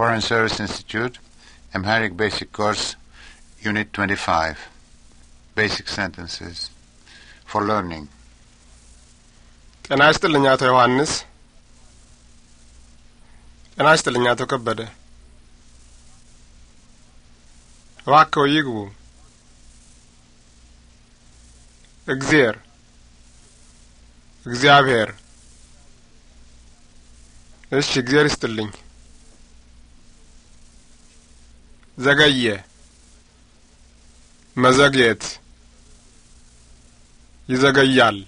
Foreign Service Institute, Amharic Basic Course, Unit 25, Basic Sentences for Learning. ጤና ይስጥልኝ አቶ ዮሐንስ። ጤና ይስጥልኝ አቶ ከበደ። እባክዎ ይግቡ። እግዜር እግዚአብሔር። እሺ፣ እግዜር ይስጥልኝ። ዘገየ፣ መዘግየት፣ ይዘገያል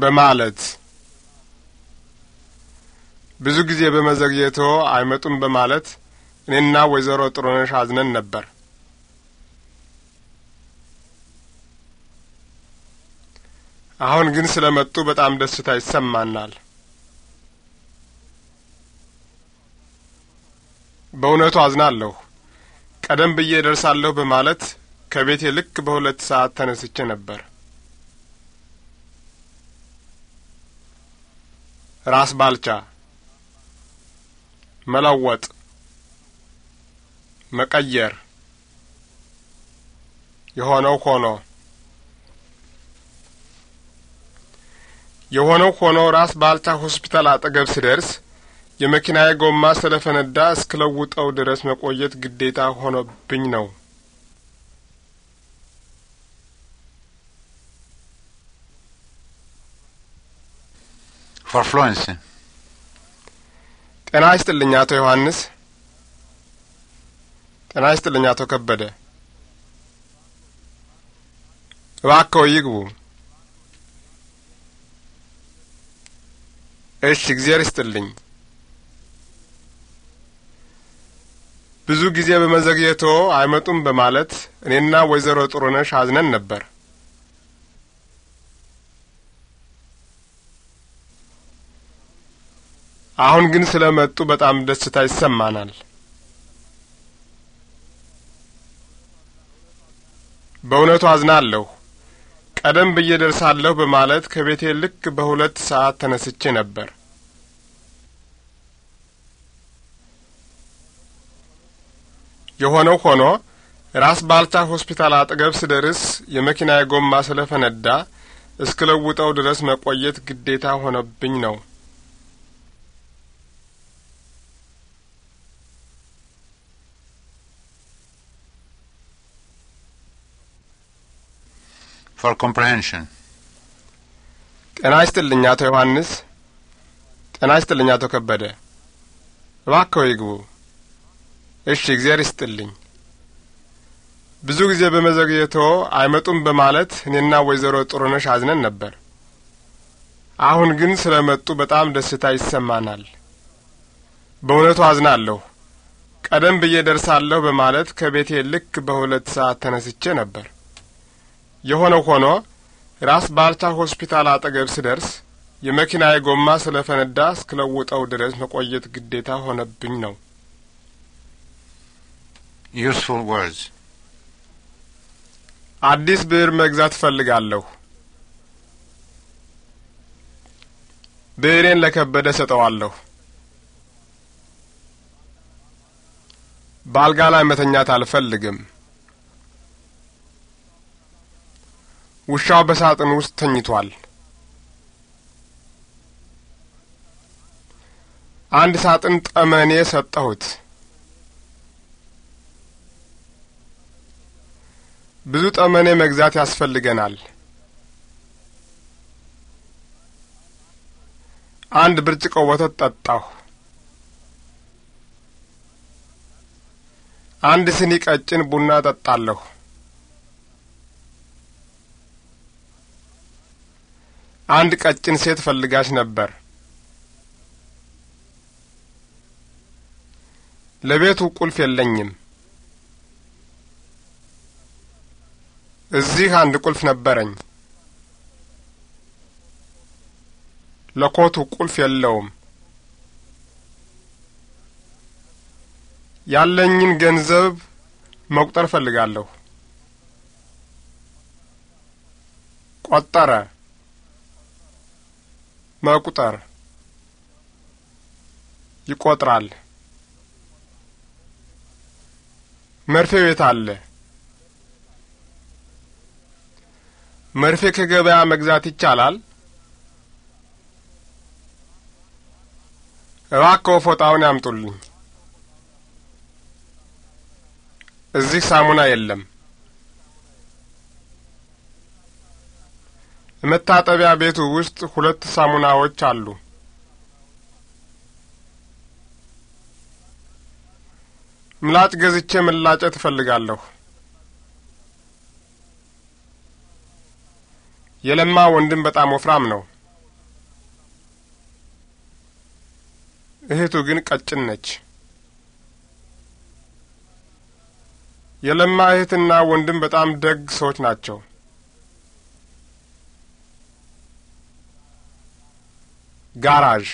በማለት ብዙ ጊዜ በመዘግየቶ አይመጡም በማለት እኔና ወይዘሮ ጥሩነሽ አዝነን ነበር። አሁን ግን ስለመጡ በጣም ደስታ ይሰማናል። በእውነቱ አዝናለሁ። ቀደም ብዬ እደርሳለሁ በማለት ከቤቴ ልክ በሁለት ሰዓት ተነስቼ ነበር። ራስ ባልቻ መለወጥ፣ መቀየር፣ የሆነው ሆኖ የሆነው ሆኖ ራስ ባልቻ ሆስፒታል አጠገብ ስደርስ የመኪናዬ ጎማ ስለፈነዳ እስክለውጠው ድረስ መቆየት ግዴታ ሆኖብኝ ነው። ፎርፍሎንስ ጤና ይስጥልኝ አቶ ዮሐንስ። ጤና ይስጥልኝ አቶ ከበደ። እባክዎ ይግቡ። እሺ፣ እግዜር ይስጥልኝ። ብዙ ጊዜ በመዘግየቶ አይመጡም በማለት እኔና ወይዘሮ ጥሩነሽ አዝነን ነበር። አሁን ግን ስለ መጡ በጣም ደስታ ይሰማናል። በእውነቱ አዝናለሁ። ቀደም ብዬ ደርሳለሁ በማለት ከቤቴ ልክ በሁለት ሰዓት ተነስቼ ነበር። የሆነው ሆኖ ራስ ባልቻ ሆስፒታል አጠገብ ስደርስ የመኪና የጎማ ስለፈነዳ እስክለውጠው ድረስ መቆየት ግዴታ ሆነብኝ ነው። for comprehension ጤና ይስጥልኝ አቶ ዮሐንስ። ጤና ይስጥልኝ አቶ ከበደ። እባክዎ ይግቡ። እሺ፣ እግዚአብሔር ይስጥልኝ። ብዙ ጊዜ በመዘግየቶ አይመጡም በማለት እኔና ወይዘሮ ጥሩነሽ አዝነን ነበር። አሁን ግን ስለ መጡ በጣም ደስታ ይሰማናል። በእውነቱ አዝናለሁ። ቀደም ብዬ ደርሳለሁ በማለት ከቤቴ ልክ በሁለት ሰዓት ተነስቼ ነበር። የሆነ ሆኖ ራስ ባልቻ ሆስፒታል አጠገብ ስደርስ የመኪናዬ ጎማ ስለ ፈነዳ እስክለውጠው ድረስ መቆየት ግዴታ ሆነብኝ ነው useful words. አዲስ ብዕር መግዛት እፈልጋለሁ። ብዕሬን ለከበደ ሰጠዋለሁ። በአልጋ ላይ መተኛት አልፈልግም። ውሻው በሳጥን ውስጥ ተኝቷል። አንድ ሳጥን ጠመኔ ሰጠሁት። ብዙ ጠመኔ መግዛት ያስፈልገናል። አንድ ብርጭቆ ወተት ጠጣሁ። አንድ ስኒ ቀጭን ቡና ጠጣለሁ። አንድ ቀጭን ሴት ፈልጋሽ ነበር። ለቤቱ ቁልፍ የለኝም። እዚህ አንድ ቁልፍ ነበረኝ። ለኮቱ ቁልፍ የለውም። ያለኝን ገንዘብ መቁጠር እፈልጋለሁ። ቆጠረ፣ መቁጠር፣ ይቆጥራል። መርፌው የት አለ? መርፌ ከገበያ መግዛት ይቻላል? እባክዎ ፎጣውን ያምጡልኝ። እዚህ ሳሙና የለም። መታጠቢያ ቤቱ ውስጥ ሁለት ሳሙናዎች አሉ። ምላጭ ገዝቼ መላጨት እፈልጋለሁ። የለማ ወንድም በጣም ወፍራም ነው። እህቱ ግን ቀጭን ነች። የለማ እህትና ወንድም በጣም ደግ ሰዎች ናቸው። ጋራዥ